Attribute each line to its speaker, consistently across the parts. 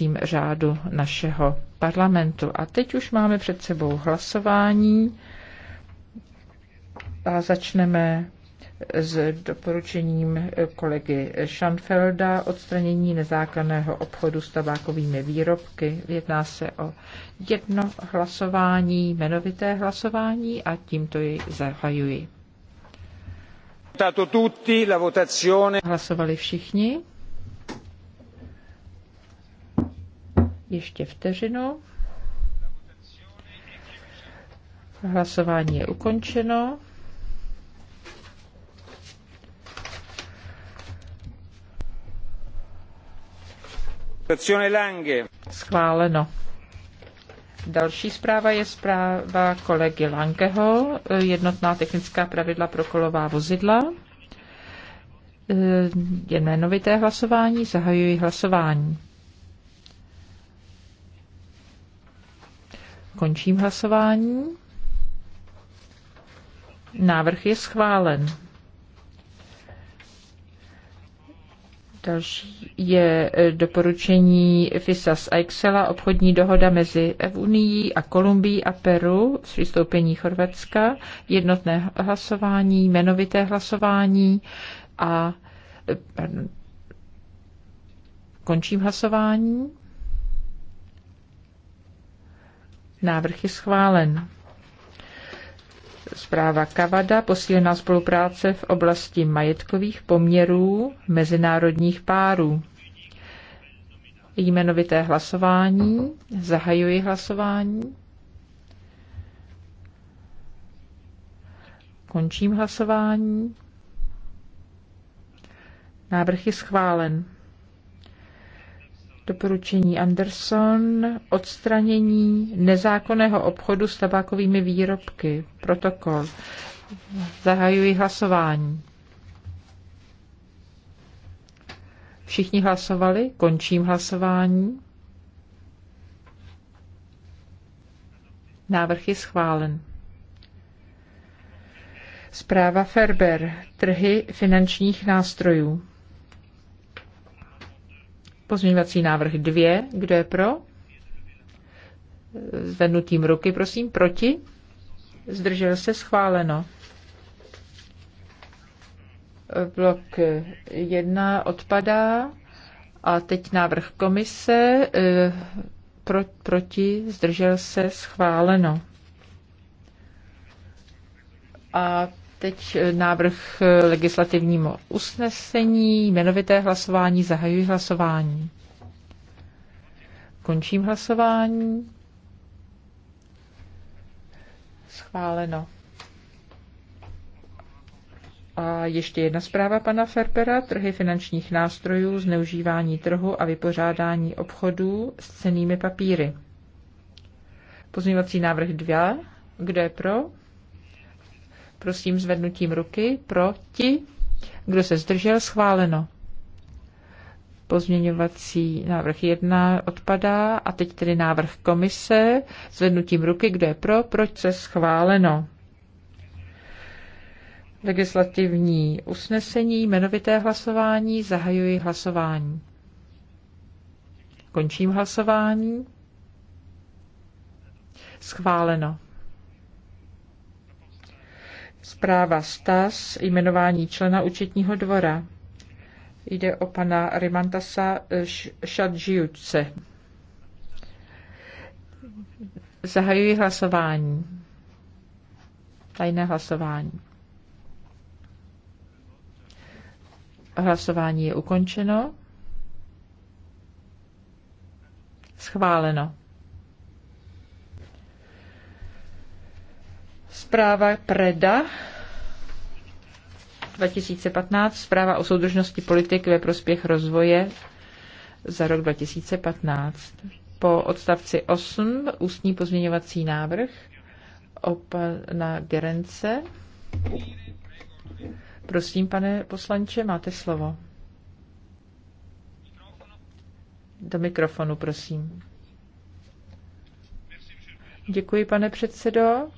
Speaker 1: jednacím řádu našeho parlamentu. A teď už máme před sebou hlasování a začneme s doporučením kolegy Schanfelda odstranění nezákonného obchodu s tabákovými výrobky. Jedná se o jedno hlasování, jmenovité hlasování a tímto ji zahajuji. Hlasovali všichni. Ještě vteřinu. Hlasování je ukončeno. Schváleno. Další zpráva je zpráva kolegy Langeho, jednotná technická pravidla pro kolová vozidla. E, je jmenovité hlasování, zahajuji hlasování. Končím hlasování. Návrh je schválen. Další je e, doporučení FISAS z Aixela, obchodní dohoda mezi Unií a Kolumbií a Peru s vystoupení Chorvatska, jednotné hlasování, jmenovité hlasování a e, pardon, končím hlasování. Návrh je schválen. Zpráva Kavada, posílená spolupráce v oblasti majetkových poměrů mezinárodních párů. Jmenovité hlasování. Zahajuji hlasování. Končím hlasování. Návrh je schválen. Doporučení Anderson, odstranění nezákonného obchodu s tabákovými výrobky, protokol. Zahajuji hlasování. Všichni hlasovali, končím hlasování. Návrh je schválen. Zpráva Ferber. Trhy finančních nástrojů. Pozměňovací návrh 2. Kdo je pro? Zvednutím ruky, prosím. Proti? Zdržel se schváleno. Blok 1 odpadá. A teď návrh komise. Eh, pro, proti? Zdržel se schváleno. A Teď eh, návrh eh, legislativnímu usnesení, jmenovité hlasování, zahajuji hlasování. Končím hlasování. Schváleno. A ještě jedna zpráva pana Ferpera, trhy finančních nástrojů, zneužívání trhu a vypořádání obchodů s cenými papíry. Pozměňovací návrh 2. Kdo je pro? prosím zvednutím ruky, proti, kdo se zdržel, schváleno. Pozměňovací návrh 1 odpadá a teď tedy návrh komise, zvednutím ruky, kdo je pro, proč se schváleno. Legislativní usnesení, jmenovité hlasování, zahajuji hlasování. Končím hlasování. Schváleno. Zpráva Stas, jmenování člena účetního dvora. Jde o pana Rimantasa Šadžiuce. Zahajuji hlasování. Tajné hlasování. Hlasování je ukončeno. Schváleno. Zpráva Preda 2015, zpráva o soudržnosti politik ve prospěch rozvoje za rok 2015. Po odstavci 8 ústní pozměňovací návrh opa- na Gerence. Prosím, pane poslanče, máte slovo. Do mikrofonu, prosím. Děkuji, pane předsedo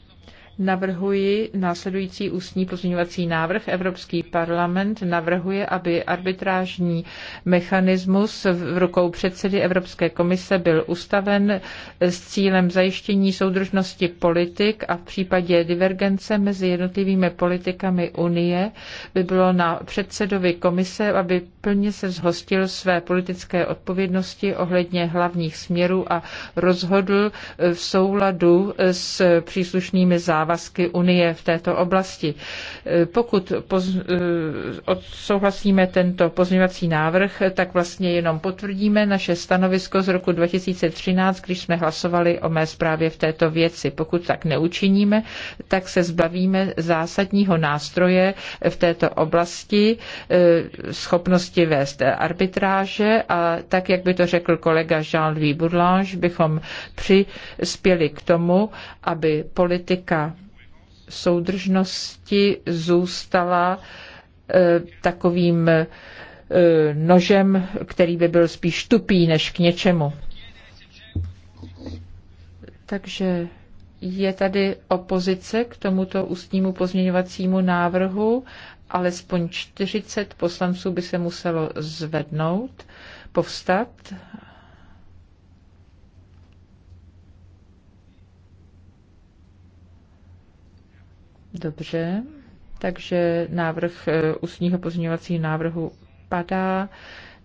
Speaker 1: navrhuji následující ústní pozměňovací návrh. Evropský parlament navrhuje, aby arbitrážní mechanismus v rukou předsedy Evropské komise byl ustaven s cílem zajištění soudržnosti politik a v případě divergence mezi jednotlivými politikami Unie by bylo na předsedovi komise, aby plně se zhostil své politické odpovědnosti ohledně hlavních směrů a rozhodl v souladu s příslušnými závazky závazky Unie v této oblasti. Eh, pokud eh, odsouhlasíme tento pozměňovací návrh, tak vlastně jenom potvrdíme naše stanovisko z roku 2013, když jsme hlasovali o mé zprávě v této věci. Pokud tak neučiníme, tak se zbavíme zásadního nástroje v této oblasti, eh, schopnosti vést arbitráže a tak, jak by to řekl kolega Jean-Louis Bourlange, bychom přispěli k tomu, aby politika soudržnosti zůstala eh, takovým eh, nožem, který by byl spíš tupý než k něčemu. Takže je tady opozice k tomuto ústnímu pozměňovacímu návrhu. Alespoň 40 poslanců by se muselo zvednout, povstat Dobře, takže návrh eh, ústního pozměňovacího návrhu padá,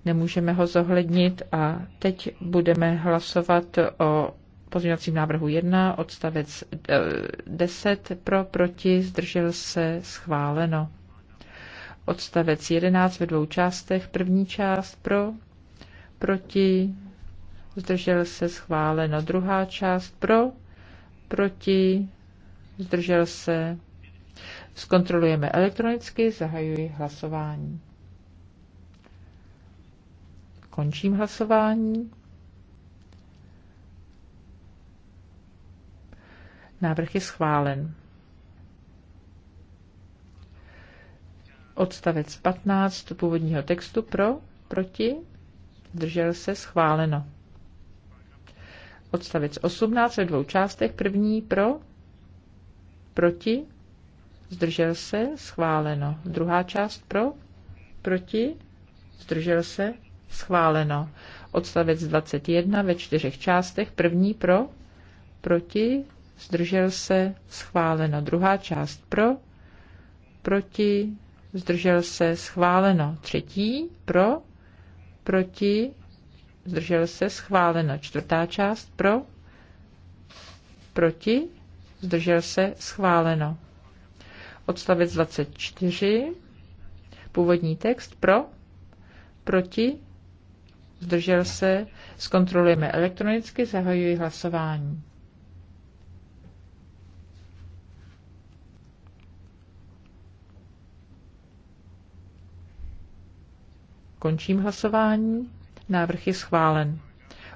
Speaker 1: nemůžeme ho zohlednit a teď budeme hlasovat o pozměňovacím návrhu 1, odstavec 10 eh, pro, proti, zdržel se, schváleno. Odstavec 11 ve dvou částech, první část pro, proti, zdržel se, schváleno. Druhá část pro, proti, zdržel se, Zkontrolujeme elektronicky, zahajuji hlasování. Končím hlasování. Návrh je schválen. Odstavec 15 původního textu pro, proti, zdržel se, schváleno. Odstavec 18 ve dvou částech, první pro, proti, zdržel se, schváleno. Druhá část pro, proti, zdržel se, schváleno. Odstavec 21 ve čtyřech částech, první pro, proti, zdržel se, schváleno. Druhá část pro, proti, zdržel se, schváleno. Třetí pro, proti, zdržel se, schváleno. Čtvrtá část pro, proti, zdržel se, schváleno. Odstavec 24. Původní text pro, proti, zdržel se, zkontrolujeme elektronicky, zahajuji hlasování. Končím hlasování. Návrh je schválen.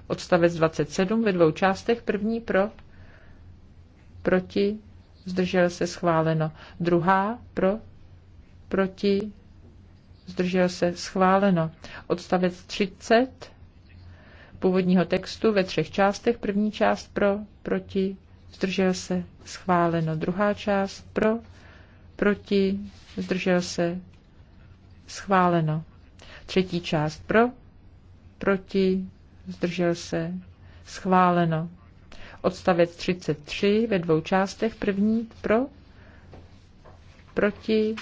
Speaker 1: Odstavec 27 ve dvou částech. První pro, proti, zdržel se schváleno. Druhá pro, proti, zdržel se schváleno. Odstavec 30 původního textu ve třech částech. První část pro, proti, zdržel se schváleno. Druhá část pro, proti, zdržel se schváleno. Třetí část pro, proti, zdržel se schváleno odstavec 33 ve dvou částech. První pro, proti,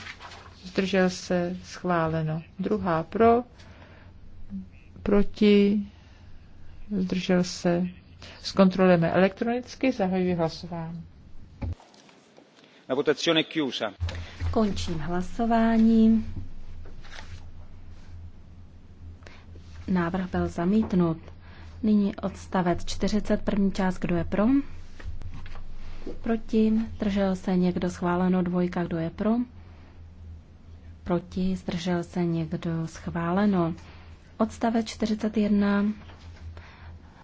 Speaker 1: zdržel se, schváleno. Druhá pro, proti, zdržel se. Zkontrolujeme elektronicky, zahajuji hlasování. Končím hlasování.
Speaker 2: Návrh byl zamítnut. Nyní odstavec 40, první část, kdo je pro? Proti, zdržel se někdo, schváleno dvojka, kdo je pro? Proti, zdržel se někdo, schváleno. Odstavec 41,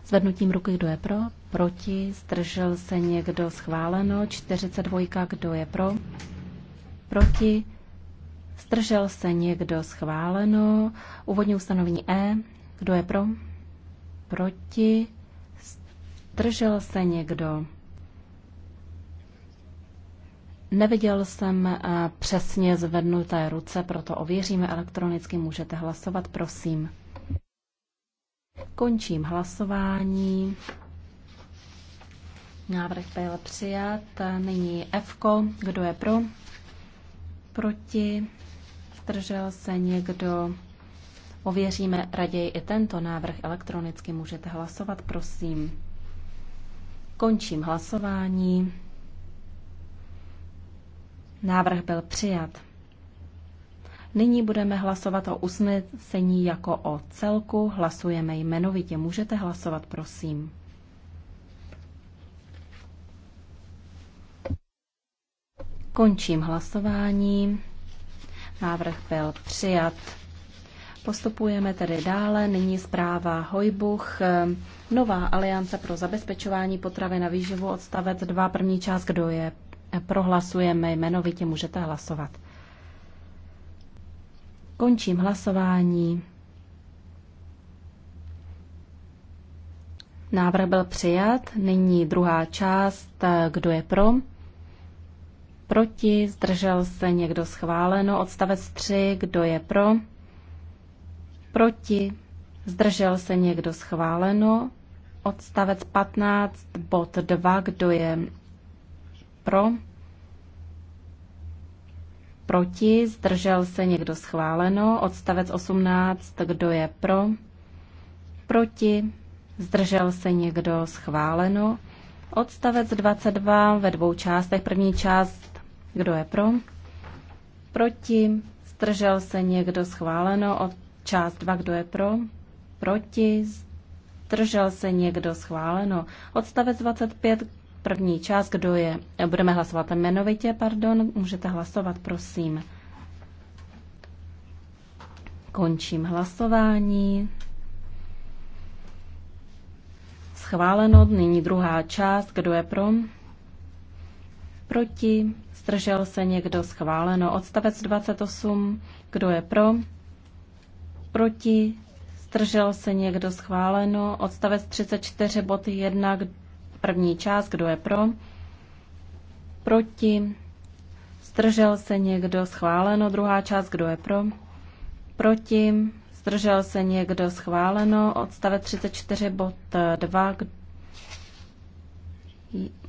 Speaker 2: zvednutím ruky, kdo je pro? Proti, zdržel se někdo, schváleno. 42, kdo je pro? Proti, zdržel se někdo, schváleno. Úvodní ustanovení E, kdo je pro? proti? Zdržel se někdo? Neviděl jsem eh, přesně zvednuté ruce, proto ověříme elektronicky. Můžete hlasovat, prosím. Končím hlasování. Návrh byl přijat. Nyní F. -ko. Kdo je pro? Proti? Zdržel se někdo? Ověříme raději i tento návrh elektronicky. Můžete hlasovat, prosím. Končím hlasování. Návrh byl přijat. Nyní budeme hlasovat o usnesení jako o celku. Hlasujeme jmenovitě. Můžete hlasovat, prosím. Končím hlasování. Návrh byl přijat. Postupujeme tedy dále. Nyní zpráva Hojbuch. Nová aliance pro zabezpečování potravy na výživu odstavec 2. První část, kdo je prohlasujeme jmenovitě, můžete hlasovat. Končím hlasování. Návrh byl přijat. Nyní druhá část. Kdo je pro? Proti? Zdržel se někdo schváleno? Odstavec 3. Kdo je pro? proti, zdržel se někdo schváleno, odstavec 15, bod 2, kdo je pro, proti, zdržel se někdo schváleno, odstavec 18, kdo je pro, proti, zdržel se někdo schváleno, odstavec 22 ve dvou částech, první část, kdo je pro, proti, zdržel se někdo schváleno, od Část 2, kdo je pro? Proti? Držel se někdo? Schváleno. Odstavec 25, první část, kdo je? Budeme hlasovat jmenovitě, pardon. Můžete hlasovat, prosím. Končím hlasování. Schváleno. Nyní druhá část. Kdo je pro? Proti? Zdržel se někdo? Schváleno. Odstavec 28. Kdo je pro? proti, zdržel se někdo schváleno, odstavec 34 bod 1, první část, kdo je pro, proti, zdržel se někdo schváleno, druhá část, kdo je pro, proti, zdržel se někdo schváleno, odstavec 34 bod 2,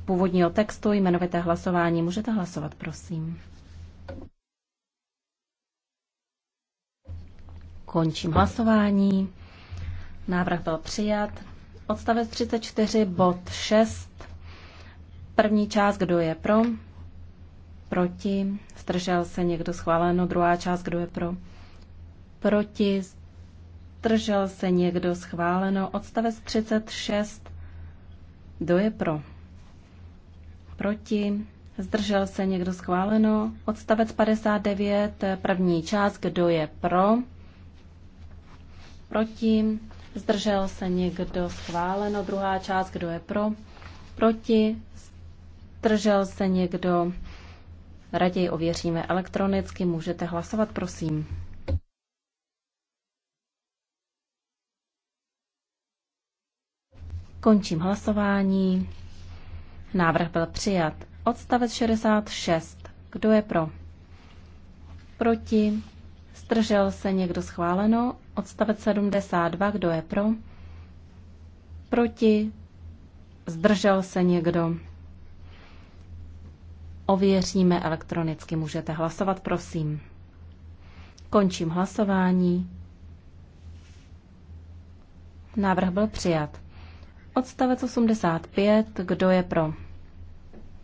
Speaker 2: původního textu, jmenovité hlasování. Můžete hlasovat, prosím. Končím hlasování. Návrh byl přijat. Odstavec 34, bod 6. První část, kdo je pro? Proti. Zdržel se někdo schváleno. Druhá část, kdo je pro? Proti. Zdržel se někdo schváleno. Odstavec 36. Kdo je pro? Proti. Zdržel se někdo schváleno. Odstavec 59. První část, kdo je pro? proti, zdržel se někdo schváleno, druhá část, kdo je pro, proti, zdržel se někdo, raději ověříme elektronicky, můžete hlasovat, prosím. Končím hlasování. Návrh byl přijat. Odstavec 66. Kdo je pro? Proti? Zdržel se někdo schváleno? Odstavec 72, kdo je pro? Proti? Zdržel se někdo? Ověříme elektronicky. Můžete hlasovat, prosím. Končím hlasování. Návrh byl přijat. Odstavec 85. Kdo je pro?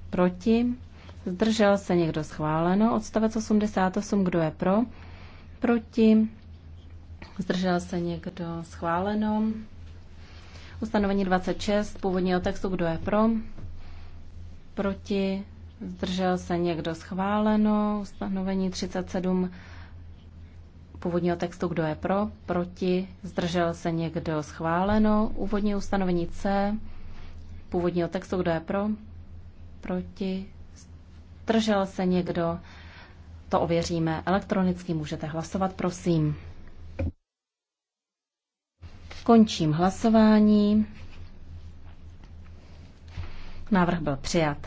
Speaker 2: Proti? Zdržel se někdo schváleno? Odstavec 88. Kdo je pro? Proti? Zdržel se někdo? Schváleno. Ustanovení 26 původního textu, kdo je pro? Proti? Zdržel se někdo? Schváleno. Ustanovení 37 původního textu, kdo je pro, proti, zdržel se někdo schváleno, úvodní ustanovení C, původního textu, kdo je pro, proti, zdržel se někdo to ověříme elektronicky. Můžete hlasovat, prosím. Končím hlasování. Návrh byl přijat.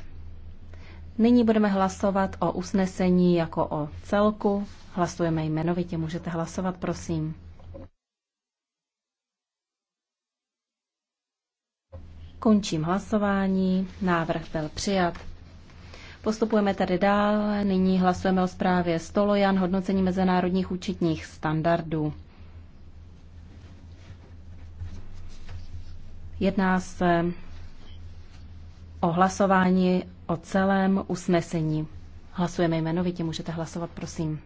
Speaker 2: Nyní budeme hlasovat o usnesení jako o celku. Hlasujeme jmenovitě. Můžete hlasovat, prosím. Končím hlasování. Návrh byl přijat. Postupujeme tedy dál. Nyní hlasujeme o zprávě Stolojan, hodnocení mezinárodních účetních standardů. Jedná se o hlasování o celém usnesení. Hlasujeme jmenovitě, můžete hlasovat, prosím.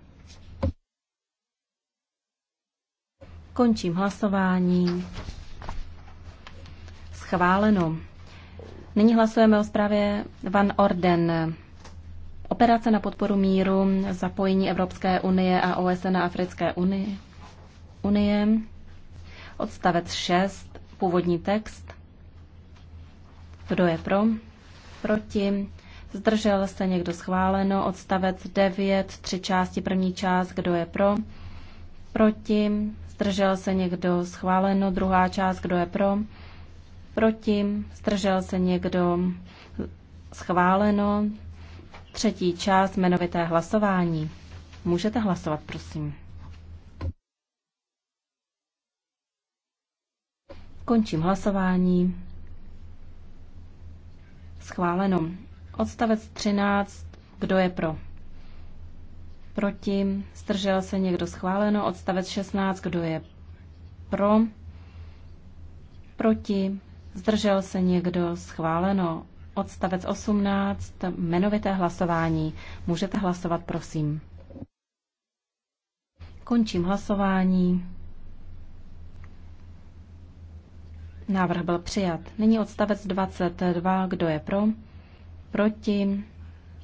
Speaker 2: Končím hlasování. Schváleno. Nyní hlasujeme o zprávě Van Orden. Operace na podporu míru, zapojení Evropské unie a OSN na Africké unii, unie, odstavec 6, původní text. Kdo je pro? Proti? Zdržel se někdo schváleno? Odstavec 9, tři části, první část, kdo je pro? Proti? Zdržel se někdo schváleno? Druhá část, kdo je pro? Proti? Zdržel se někdo schváleno? Třetí část jmenovité hlasování. Můžete hlasovat, prosím. Končím hlasování. Schváleno. Odstavec 13. Kdo je pro? Proti. Zdržel se někdo schváleno. Odstavec 16. Kdo je pro? Proti. Zdržel se někdo schváleno odstavec 18, jmenovité hlasování. Můžete hlasovat, prosím. Končím hlasování. Návrh byl přijat. Nyní odstavec 22. Kdo je pro? Proti?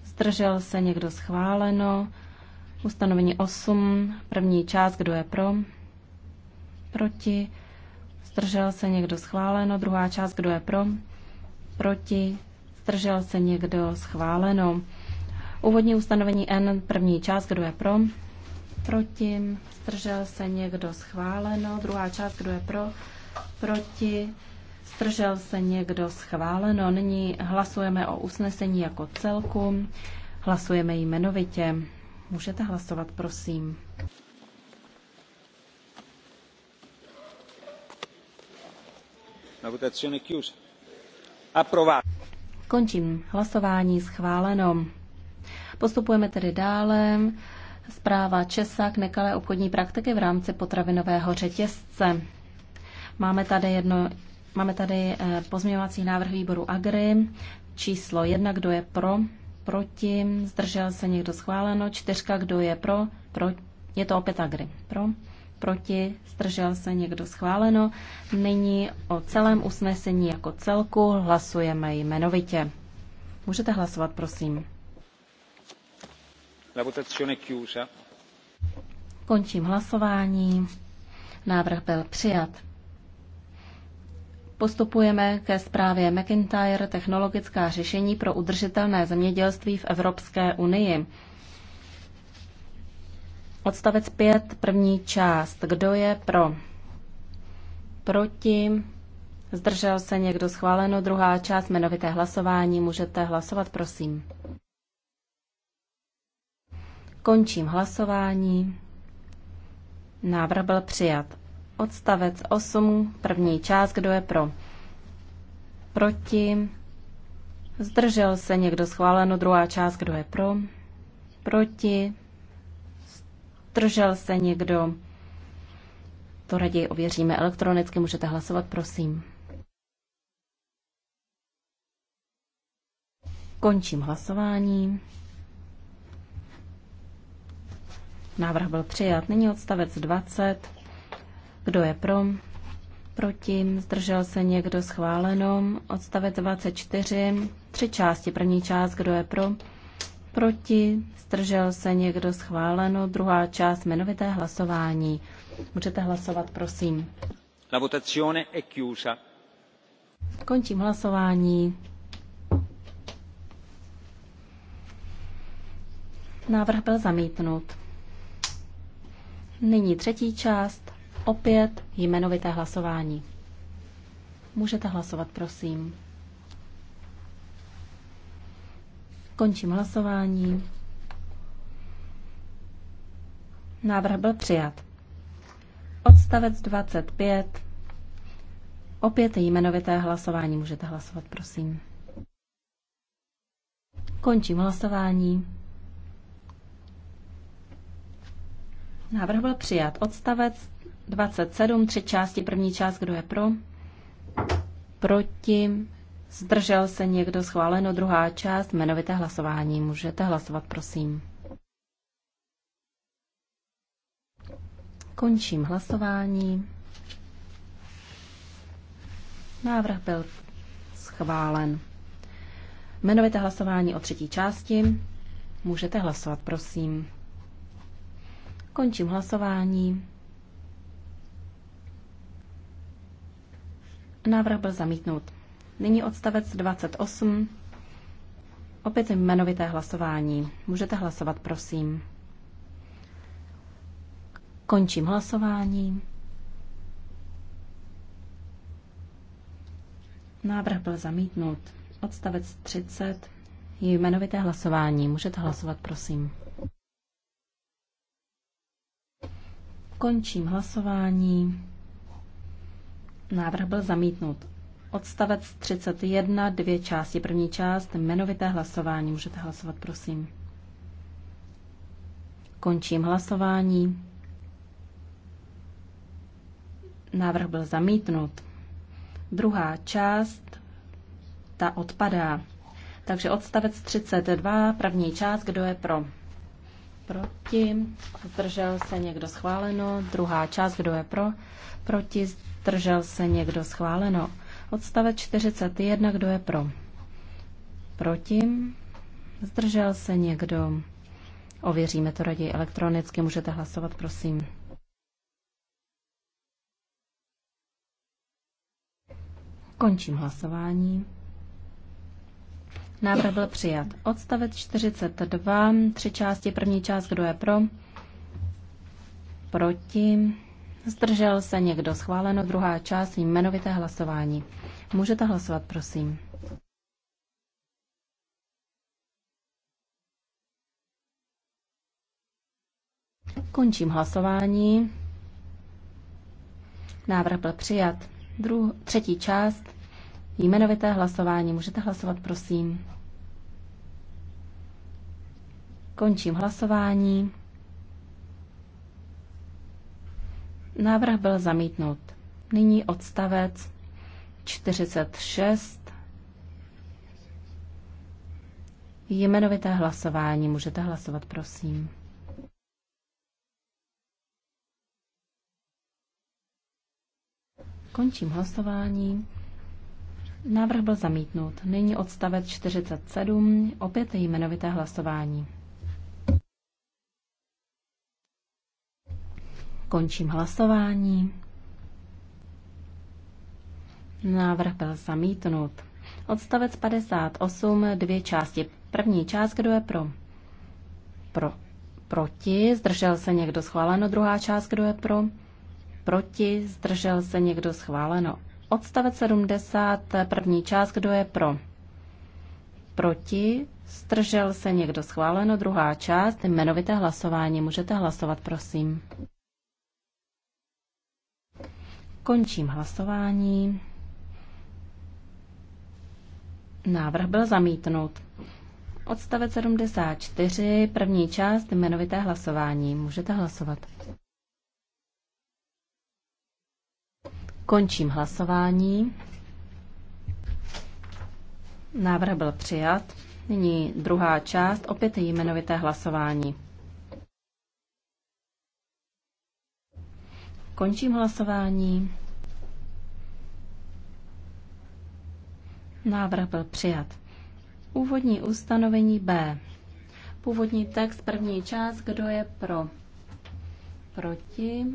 Speaker 2: Zdržel se někdo schváleno? Ustanovení 8. První část. Kdo je pro? Proti? Zdržel se někdo schváleno? Druhá část. Kdo je pro? Proti? Zdržel se někdo? Schváleno. Úvodní ustanovení N, první část, kdo je pro? Proti. Zdržel se někdo? Schváleno. Druhá část, kdo je pro? Proti. Zdržel se někdo? Schváleno. Nyní hlasujeme o usnesení jako celku. Hlasujeme jmenovitě. Můžete hlasovat, prosím.
Speaker 1: Na votazione je chiusa. Approvato.
Speaker 2: Končím hlasování schváleno. Postupujeme tedy dále. Zpráva Česák nekalé obchodní praktiky v rámci potravinového řetězce. Máme tady, jedno, máme tady eh, pozměňovací návrh výboru Agri, číslo jedna, kdo je pro, proti, zdržel se někdo schváleno, čtyřka, kdo je pro, pro je to opět Agri, pro, proti, zdržel se někdo schváleno. Nyní o celém usnesení jako celku hlasujeme jmenovitě. Můžete hlasovat, prosím.
Speaker 1: La votazione chiusa.
Speaker 2: Končím hlasování. Návrh byl přijat. Postupujeme ke zprávě McIntyre technologická řešení pro udržitelné zemědělství v Evropské unii. Odstavec 5, první část. Kdo je pro? Proti? Zdržel se někdo schváleno? Druhá část, jmenovité hlasování. Můžete hlasovat, prosím. Končím hlasování. Návrh byl přijat. Odstavec 8, první část. Kdo je pro? Proti? Zdržel se někdo schváleno? Druhá část. Kdo je pro? Proti? Zdržel se někdo? To raději ověříme elektronicky. Můžete hlasovat, prosím. Končím hlasování. Návrh byl přijat. Nyní odstavec 20. Kdo je pro? Proti? Zdržel se někdo schváleno? Odstavec 24. Tři části. První část. Kdo je pro? proti, stržel se někdo schváleno, druhá část jmenovité hlasování. Můžete hlasovat, prosím.
Speaker 1: La votazione è chiusa.
Speaker 2: Končím hlasování. Návrh byl zamítnut. Nyní třetí část, opět jmenovité hlasování. Můžete hlasovat, prosím. Končím hlasování. Návrh byl přijat. Odstavec 25. Opět jmenovité hlasování. Můžete hlasovat, prosím. Končím hlasování. Návrh byl přijat. Odstavec 27, tři části, první část, kdo je pro? Proti, Zdržel se někdo schváleno druhá část, jmenovité hlasování. Můžete hlasovat, prosím. Končím hlasování. Návrh byl schválen. Jmenovité hlasování o třetí části. Můžete hlasovat, prosím. Končím hlasování. Návrh byl zamítnut. Nyní odstavec 28. Opět jmenovité hlasování. Můžete hlasovat, prosím. Končím hlasování. Návrh byl zamítnut. Odstavec 30. Je jmenovité hlasování. Můžete hlasovat, prosím. Končím hlasování. Návrh byl zamítnut. Odstavec 31, dvě části. První část, jmenovité hlasování. Můžete hlasovat, prosím. Končím hlasování. Návrh byl zamítnut. Druhá část, ta odpadá. Takže odstavec 32, první část, kdo je pro? Proti, zdržel se někdo schváleno. Druhá část, kdo je pro? Proti, zdržel se někdo schváleno. Odstavec 41, kdo je pro? Proti? Zdržel se někdo? Ověříme to raději elektronicky, můžete hlasovat, prosím. Končím hlasování. Návrh byl přijat. Odstavec 42, tři části, první část, kdo je pro? Proti? Zdržel se někdo schváleno druhá část jmenovité hlasování. Můžete hlasovat, prosím. Končím hlasování. Návrh byl přijat. Dru- třetí část jmenovité hlasování. Můžete hlasovat, prosím. Končím hlasování. Návrh byl zamítnut. Nyní odstavec 46. Jmenovité hlasování. Můžete hlasovat, prosím. Končím hlasování. Návrh byl zamítnut. Nyní odstavec 47, opět jmenovité hlasování. Končím hlasování. Návrh byl zamítnut. Odstavec 58, dvě části. První část, kdo je pro? Pro. Proti, zdržel se někdo schváleno. Druhá část, kdo je pro? Proti, zdržel se někdo schváleno. Odstavec 70, první část, kdo je pro? Proti, zdržel se někdo schváleno. Druhá část, jmenovité hlasování. Můžete hlasovat, prosím. Končím hlasování. Návrh byl zamítnut. Odstavec 74, první část, jmenovité hlasování. Můžete hlasovat. Končím hlasování. Návrh byl přijat. Nyní druhá část, opět jmenovité hlasování. Končím hlasování. Návrh byl přijat. Úvodní ustanovení B. Původní text, první část, kdo je pro? Proti?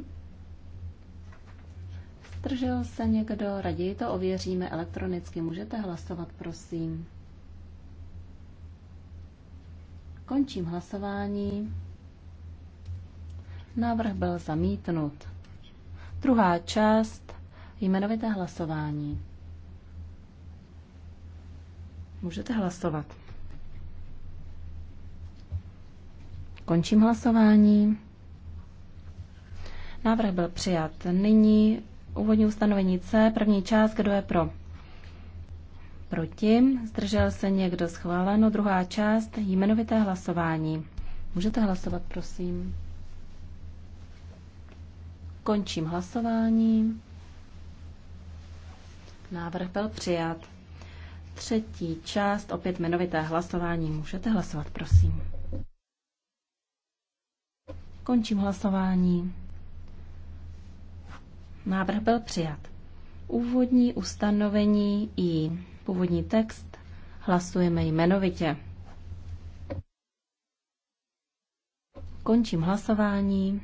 Speaker 2: Zdržel se někdo? Raději to ověříme elektronicky. Můžete hlasovat, prosím. Končím hlasování. Návrh byl zamítnut. Druhá část, jmenovité hlasování. Můžete hlasovat. Končím hlasování. Návrh byl přijat. Nyní úvodní ustanovení C, první část, kdo je pro? Proti. Zdržel se někdo schváleno. Druhá část, jmenovité hlasování. Můžete hlasovat, prosím. Končím hlasování. Návrh byl přijat. Třetí část, opět jmenovité hlasování. Můžete hlasovat, prosím. Končím hlasování. Návrh byl přijat. Úvodní ustanovení i původní text hlasujeme jmenovitě. Končím hlasování.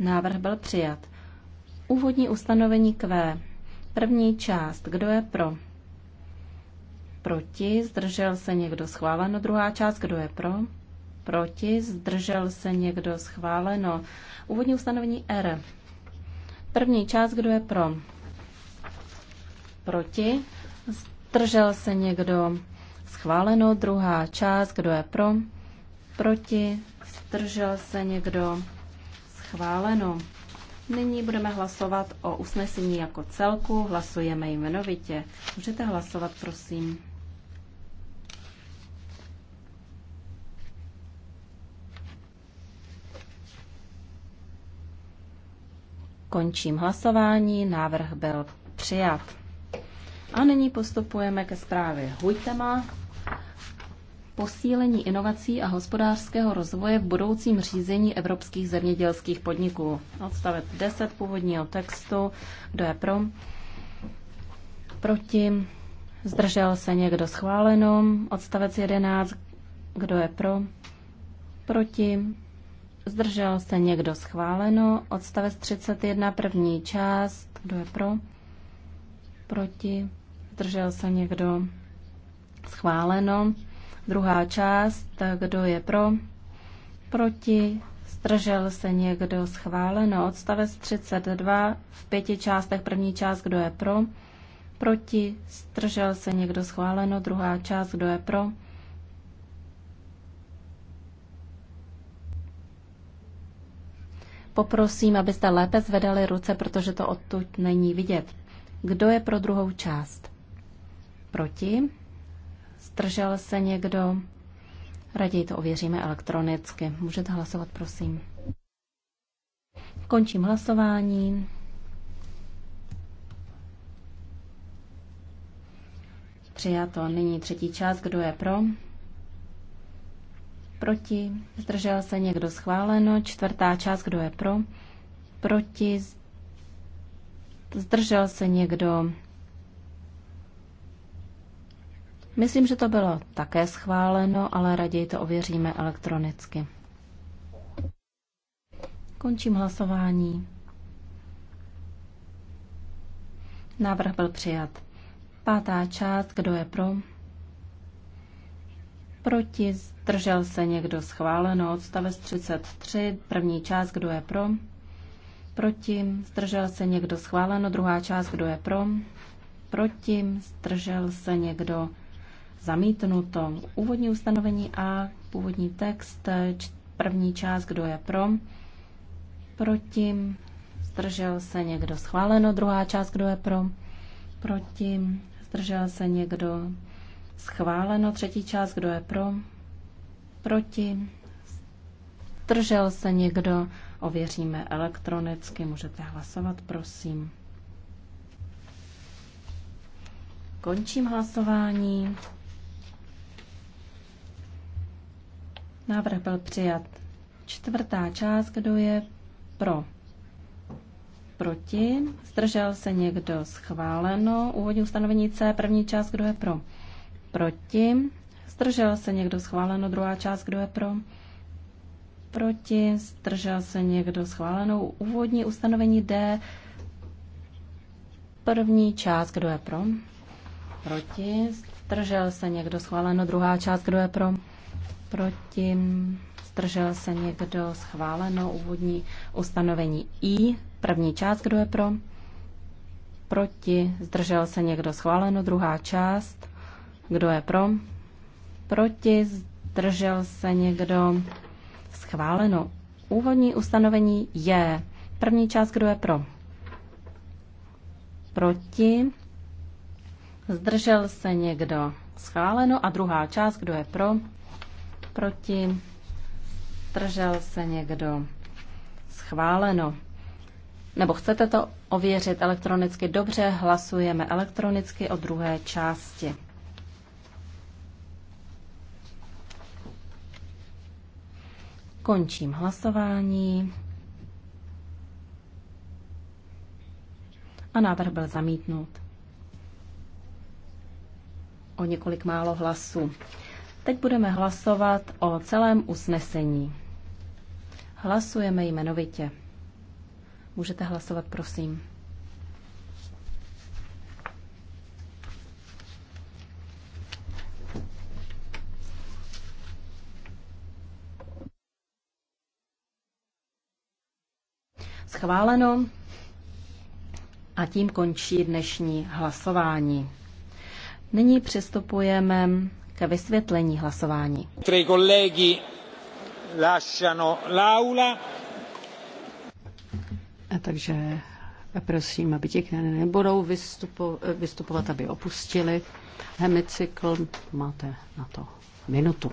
Speaker 2: Návrh byl přijat. Úvodní ustanovení Q. První část. Kdo je pro? Proti. Zdržel se někdo schváleno. Druhá část. Kdo je pro? Proti. Zdržel se někdo schváleno. Úvodní ustanovení R. První část. Kdo je pro? Proti. Zdržel se někdo schváleno. Druhá část. Kdo je pro? Proti. Zdržel se někdo Schváleno. Nyní budeme hlasovat o usnesení jako celku. Hlasujeme jmenovitě. Můžete hlasovat, prosím. Končím hlasování, návrh byl přijat. A nyní postupujeme ke zprávě Hujtema posílení inovací a hospodářského rozvoje v budoucím řízení evropských zemědělských podniků. Odstavec 10 původního textu. Kdo je pro? Proti? Zdržel se někdo schváleno? Odstavec 11. Kdo je pro? Proti? Zdržel se někdo schváleno? Odstavec 31. První část. Kdo je pro? Proti? Zdržel se někdo schváleno? Druhá část, kdo je pro, proti, zdržel se někdo schváleno. Odstavec 32 v pěti částech. První část, kdo je pro, proti, zdržel se někdo schváleno. Druhá část, kdo je pro, Poprosím, abyste lépe zvedali ruce, protože to odtud není vidět. Kdo je pro druhou část? Proti? Zdržel se někdo? Raději to ověříme elektronicky. Můžete hlasovat, prosím. Končím hlasování. Přijato. Nyní třetí část. Kdo je pro? Proti. Zdržel se někdo schváleno. Čtvrtá část. Kdo je pro? Proti. Zdržel se někdo Myslím, že to bylo také schváleno, ale raději to ověříme elektronicky. Končím hlasování. Návrh byl přijat. Pátá část, kdo je pro? Proti, zdržel se někdo schváleno, odstavec 33, první část, kdo je pro? Proti, zdržel se někdo schváleno, druhá část, kdo je pro? Proti, zdržel se někdo zamítnuto. Úvodní ustanovení A, původní text, první část, kdo je pro, proti, zdržel se někdo schváleno, druhá část, kdo je pro, proti, zdržel se někdo schváleno, třetí část, kdo je pro, proti, zdržel se někdo, ověříme elektronicky, můžete hlasovat, prosím. Končím hlasování. Návrh byl přijat. Čtvrtá část, kdo je pro? Proti? Zdržel se někdo? Schváleno. Úvodní ustanovení C, první část, kdo je pro? Proti? Zdržel se někdo? Schváleno. Druhá část, kdo je pro? Proti? Zdržel se někdo? Schváleno. Úvodní ustanovení D, první část, kdo je pro? Proti? Zdržel se někdo? Schváleno. Druhá část, kdo je pro? proti, zdržel se někdo schváleno úvodní ustanovení I, první část, kdo je pro, proti, zdržel se někdo schváleno druhá část, kdo je pro, proti, zdržel se někdo schváleno úvodní ustanovení je první část, kdo je pro, proti, zdržel se někdo schváleno a druhá část, kdo je pro, proti, držel se někdo schváleno. Nebo chcete to ověřit elektronicky? Dobře, hlasujeme elektronicky o druhé části. Končím hlasování. A návrh byl zamítnut. O několik málo hlasů. Teď budeme hlasovat o celém usnesení. Hlasujeme jmenovitě. Můžete hlasovat, prosím. Schváleno. A tím končí dnešní hlasování. Nyní přistupujeme ke vysvětlení hlasování.
Speaker 1: Tři kolegy l'aula.
Speaker 2: Takže prosím, aby ti, které nebudou vystupo, vystupovat, aby opustili hemicykl, máte na to minutu.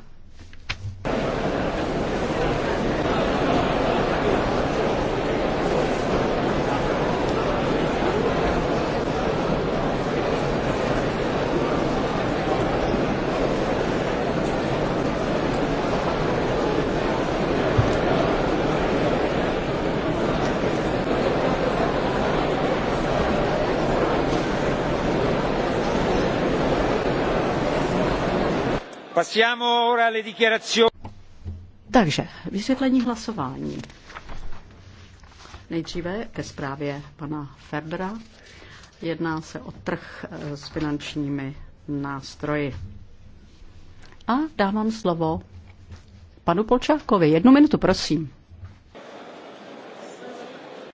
Speaker 2: Takže vysvětlení hlasování. Nejdříve ke zprávě pana Ferbera. Jedná se o trh eh, s finančními nástroji.
Speaker 1: A dávám slovo panu Polčákovi. Jednu minutu, prosím.